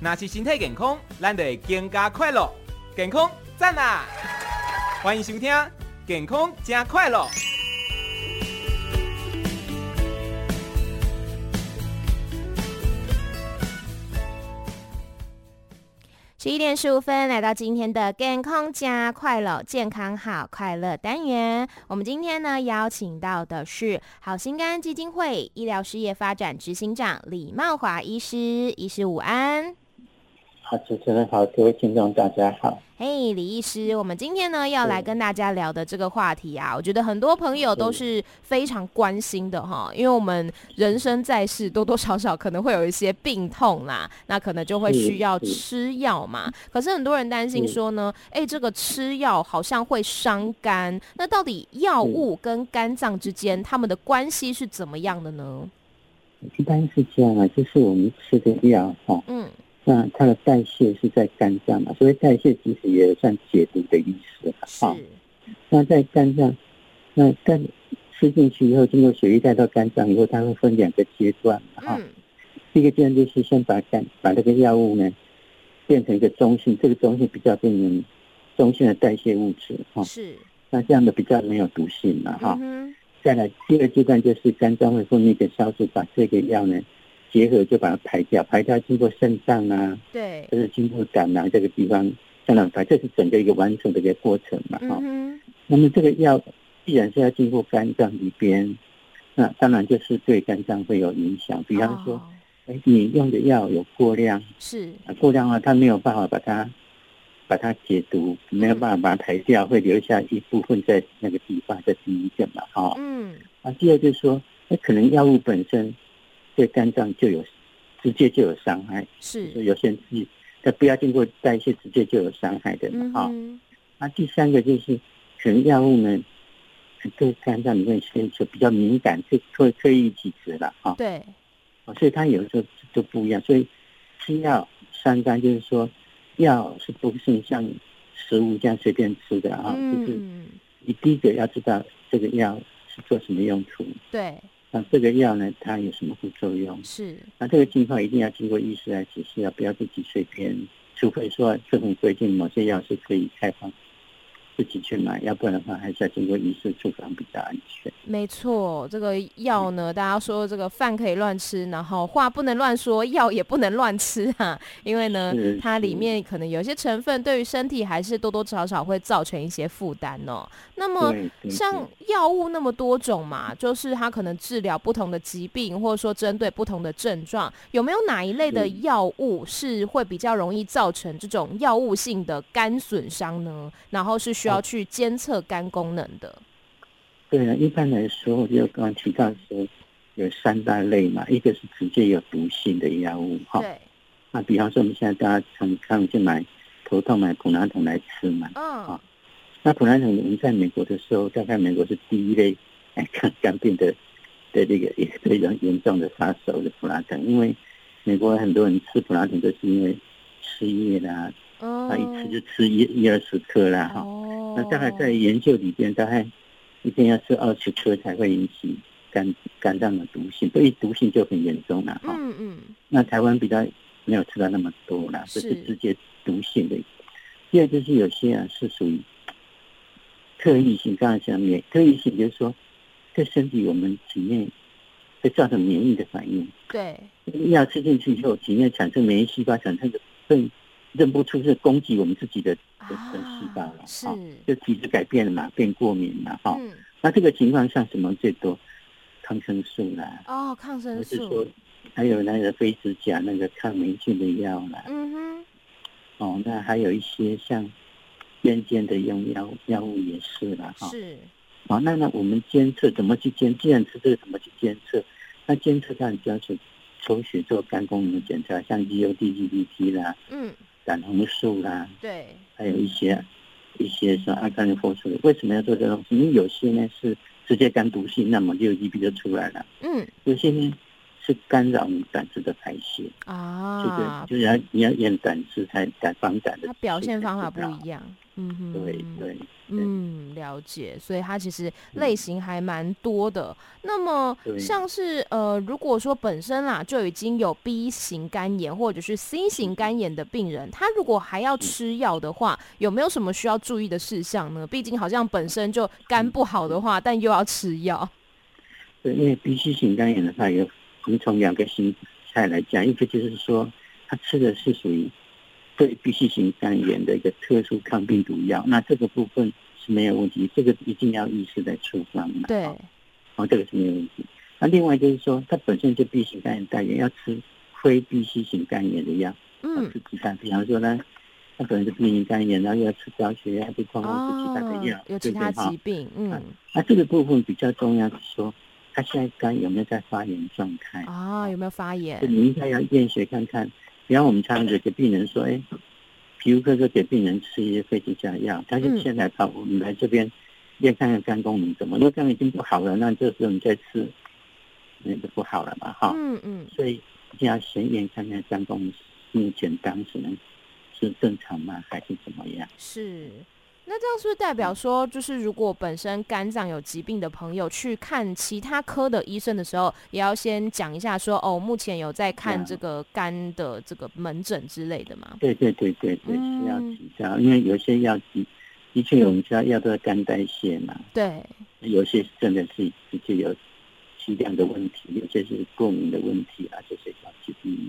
那是身體健康，咱得更加快樂。健康贊啦！ 歡迎收聽《健康加快樂》。十一點十五分，來到今天的《健康加快樂》，健康好快樂單元。我們今天呢，邀請到的是好心肝基金會醫療事業發展執行長李懋華醫師。醫師午安。好，主持人好，各位聽眾大家好。哎，hey, 李醫師，我們今天呢要來跟大家聊的這個話題啊，對我覺得很多朋友都是非常關心的哈，因為我們人生在世，多多少少可能會有一些病痛啦，那可能就會需要吃藥嘛。是、是，可是很多人擔心說呢，哎是、欸，這個吃藥好像會傷肝，那到底藥物跟肝臟之間他們的關係是怎麼樣的呢？一般是這樣啊，就是我們吃的藥哈，啊、嗯。那它的代謝是在肝臟嘛，所以代謝其實也算解毒的意思。是、哦。那在肝臟，那肝吃進去以後，經過血液帶到肝臟以後，它會分兩個階段哈。哦、嗯。第一個階段就是先把肝把這個藥物呢變成一個中性，這個中性比較變成中性的代謝物質哈。哦、是。那這樣的比較沒有毒性了哈。哦嗯、哼再來第二階段就是肝臟會分泌一個酵素，把這個藥呢。結合就把它排掉，排掉經過腎臟啊，對，就是經過膽囊這個地方才能排。這是整個一個完整的一個過程嘛？啊、嗯哼哦，那麼這個藥既然是要經過肝臟裡邊，那當然就是對肝臟會有影響。比方說，哦、誒你用的藥有過量，是啊，過量的話，它沒有辦法把它把它解毒，沒有辦法把它排掉，會留下一部分在那個地方，在第一個嘛，啊、哦，嗯，啊，第二就是說，可能藥物本身。對肝臟就有直接就有傷害，是有些人自己，他不要經過代謝直接就有傷害的啊、嗯哼哦、那第三個就是，全些藥物呢，對肝臟裡面先就比較敏感，就是特異體質了啊。哦、對，所以它有的時候就不一樣。所以吃藥，相當就是說，藥是不是像食物這樣隨便吃的啊？嗯、就是你第一個要知道這個藥是做什麼用處。對，那、啊、這個藥呢，它有什麼副作用？是，那、啊、這個情況一定要經過醫師來指示，不要自己隨便，除非說這種規定某些藥是可以開放的自己去買，要不然的話還是在經過醫生處方比較安全。沒錯，這個藥呢，大家說這個飯可以亂吃，然後話不能亂說，藥也不能亂吃啊，因為呢，是 它裡面可能有些成分對於身體還是多多少少會造成一些負擔哦。那麼對對對，像藥物那麼多種嘛，就是它可能治療不同的疾病，或者說針對不同的症狀，有沒有哪一類的藥物是會比較容易造成這種藥物性的肝損傷呢？然後是需要去監測肝功能的。對啊，一般來說，就剛剛提到說有三大類嘛，一個是直接有毒性的藥物哈對、哦。那比方說，我們現在大家上上去買頭痛買普拿疼來吃嘛。嗯。啊、哦，那普拿疼我們在美國的時候，大概美國是第一類肝肝病的的那個一個非常嚴重的殺手的普拿疼，因為美國很多人吃普拿疼都是因為失業啦，他，嗯啊、一吃就吃一一,一二十克啦哈。哦哦那大概在研究裡邊，大概一定要吃二十顆才會引起肝肝臟的毒性，所以毒性就很嚴重了。嗯嗯，那台灣比較沒有吃到那麼多啦，不、就是直接毒性的。是第二就是有些啊是屬於特異性，剛才講的特異性，就是說對身體我們體內會造成免疫的反應。對，藥要吃進去以後，體內產生免疫細胞，產生的。認不出是攻擊我們自己的細胞、啊、了，是、哦、就體質改變了嘛，變過敏了哈。哦嗯、那這個情況下什麼最多？抗生素啦，哦，抗生素。是說還有那個非指甲那個抗霉菌的藥啦。嗯哼。哦，那還有一些像常見的用藥藥物，物也是了哈。是。哦，是哦那那我們監測怎麼去監測？這個怎麼去監測？那監測上主要是抽血做肝功能檢查，像、GOT、GPT 啦。嗯。膽紅素啦，對，還有一些一些說阿卡林潑素，為什麼要做這個東西？因為有些呢是直接肝毒性，那麼就一比就出來了。嗯，有些呢，是干擾膽汁的排泄啊，就是就是要你要用膽汁才膽防膽的。它表現方法不一樣，嗯，對對，嗯，了解。所以它其實類型還蠻多的。嗯、那麼像是對呃，如果說本身啦、啊、就已經有 B 型肝炎或者是 C 型肝炎的病人，他如果還要吃藥的話，嗯、有沒有什麼需要注意的事項呢？畢竟好像本身就肝不好的話，嗯、但又要吃藥。對，因為 B 型型肝炎的話有。我們從兩個型態來講，一個就是說，他吃的是屬於對 B 型肝炎的一個特殊抗病毒藥，那這個部分是沒有問題，這個一定要醫師在處方的。對，哦，這個是沒有問題。那、啊、另外就是說，它本的嗯、他說它本身就 B 型肝炎，炎要吃非 B 型肝炎的藥，嗯，吃其他，比方說呢，他可炎，要吃高血壓、被化工、吃其他的藥，哦、對對有其他疾病，嗯，那、哦啊啊、這個部分比較重要的是說。他、啊、現在肝有沒有在發炎狀態？啊、哦，有沒有發炎？你應該要驗血看看。嗯、比方我們這樣子給病人說，哎，皮膚科就給病人吃一些灰指甲的藥。但是現在他我們來這邊驗看看肝功能怎麼？如果肝已經不好了，那這時候你再吃，那就不好了嘛，哈、哦嗯。嗯嗯。所以一定要先驗看看肝功能，目前當時肝功能是正常嗎？還是怎麼樣？是。那這樣是不是代表說，就是如果本身肝臟有疾病的朋友去看其他科的醫生的時候，也要先講一下說，哦，目前有在看這個肝的這個門診之類的嗎、啊？對對對對對，需、嗯、要講，因為有些藥的的確我們知道要到肝代謝嘛。嗯、對，有些真的是直接有劑量的問題，有些是過敏的問題啊，這些要注意。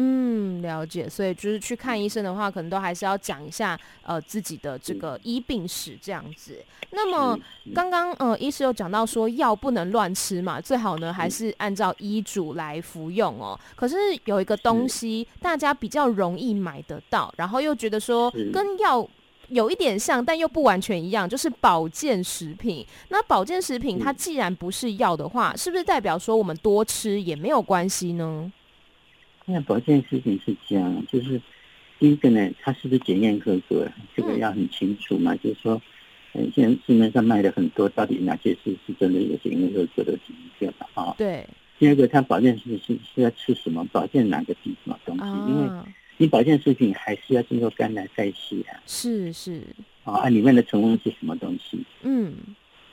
嗯，了解。所以就是去看醫生的話，可能都還是要講一下呃自己的這個醫病史這樣子。嗯、那麼剛剛、嗯嗯、呃醫師有講到說藥不能亂吃嘛，最好呢還是按照醫囑來服用哦、喔。可是有一個東西大家比較容易買得到，然後又覺得說跟藥有一點像，但又不完全一樣，就是保健食品。那保健食品它既然不是藥的話，是不是代表說我們多吃也沒有關係呢？那保健食品是這樣，就是第一個呢，它是不是檢驗合格，這個要很清楚嘛。嗯、就是說，嗯，現在市面上賣的很多，到底哪些是是真的是，有檢驗合格的幾件吧？啊、哦，對。第二個，它保健食品是是要吃什麼保健哪個比什麼東西，哦、因為你保健食品還是要經過肝膽代謝啊。是是。哦、啊，裡面的成分是什麼東西？嗯。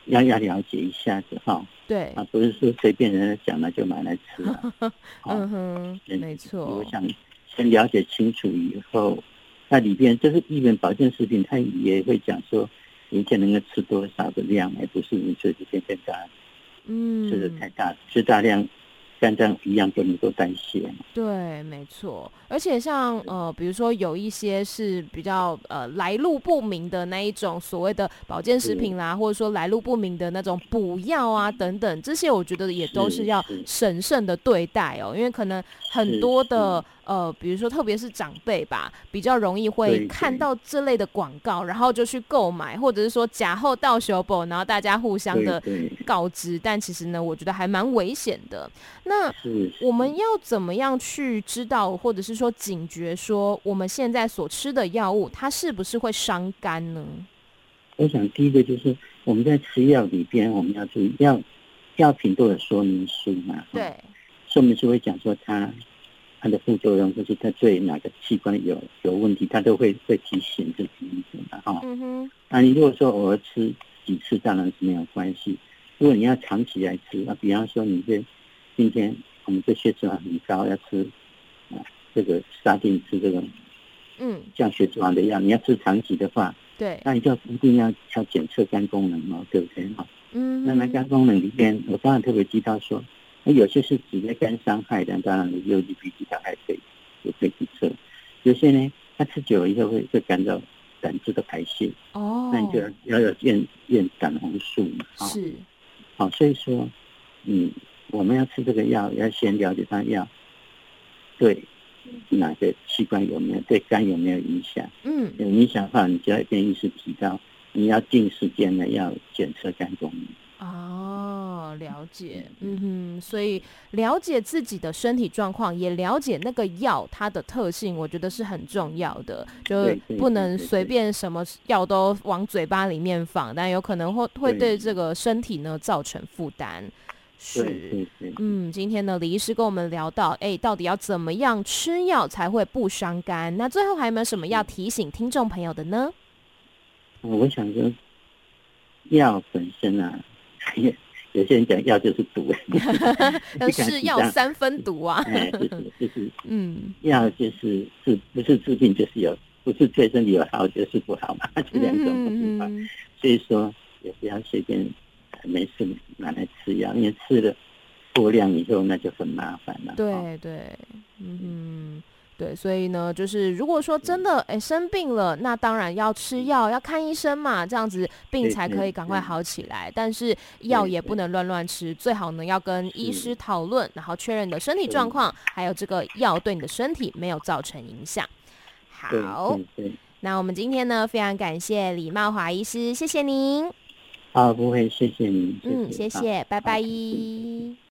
要要了解一下子哈，對啊，不是說隨便人家講了就買來吃了， 啊、嗯哼，先沒錯。我想先了解清楚以後，那裡邊就是一本保健食品，它也會講說，一天能夠吃多少的量，而不是你這幾天在幹，嗯，吃的太大，吃大量。像這樣一樣就單，就很多擔心。對，沒錯。而且像呃，比如說有一些是比較呃來路不明的那一種所謂的保健食品啦，是或者說來路不明的那種補藥啊等等，這些我覺得也都是要審慎的對待哦、喔，是因為可能很多的。呃，比如說，特別是長輩吧，比較容易會看到這類的廣告，對對，然後就去購買，或者是說假後到手後，然後大家互相的告知。對對，但其實呢，我覺得還蠻危險的。那是是是，我們要怎麼樣去知道，或者是說警覺，說我們現在所吃的藥物，它是不是會傷肝呢？我想第一個就是我們在吃藥裡邊，我們要注意藥藥品都有說明書嘛，對，說明書會講說它。它的副作用就是它對哪個器官有有問題，它都會會提醒這方面的哈。哦、嗯那，哼、啊、你如果說偶爾吃幾次當然是沒有關係。如果你要長期來吃，那比方說你這今天我們這血脂肪很高，要吃啊這個沙丁吃這個，嗯，降血脂肪的藥，嗯、你要吃長期的話，對，那你就一定要要檢測肝功能嘛、哦，對不對？哈、嗯哼，嗯，那那肝功能裡邊，我剛才特別提到說。有些是直接肝傷害的，當然你六 GPT 傷害可以，也可測。有些呢，他吃久了以後會會干擾膽汁的排泄哦，那你、oh. 就要要有驗驗膽紅素嘛。是，好，所以說，嗯，我們要吃這個藥，要先了解它藥對哪些器官有沒有對肝有沒有影響。嗯，有影響的話，你就要建議是提高，你要定時間呢要檢測肝功能。哦，了解，嗯哼，所以了解自己的身體狀況，也了解那個藥它的特性，我覺得是很重要的，就不能隨便什麼藥都往嘴巴裡面放，但有可能會會對這個身體呢造成負擔。是，嗯，今天呢，李醫師跟我們聊到，哎，到底要怎麼樣吃藥才會不傷肝？那最後還有沒有什麼要提醒聽眾朋友的呢？嗯，我想跟藥本身啊。 有些人講藥就是毒， 但是藥三分毒啊、 就是，就是，就是，嗯，藥就是是，不是治病就是有，不是對身體有好就是不好嘛，這兩種方法，嗯嗯，所以說也不要隨便沒事拿來吃藥，因為吃了過量以後那就很麻煩了。對、哦、對，嗯。對，所以呢，就是如果說真的哎生病了，那當然要吃藥，對要看醫生嘛，這樣子病才可以趕快好起來。但是藥也不能亂亂吃，最好呢要跟醫師討論，對然後確認你的身體狀況，對還有這個藥對你的身體沒有造成影響。好，對對對，那我們今天呢，非常感謝李懋華醫師，謝謝您。啊，不會，謝謝您。謝謝嗯，謝謝，拜拜。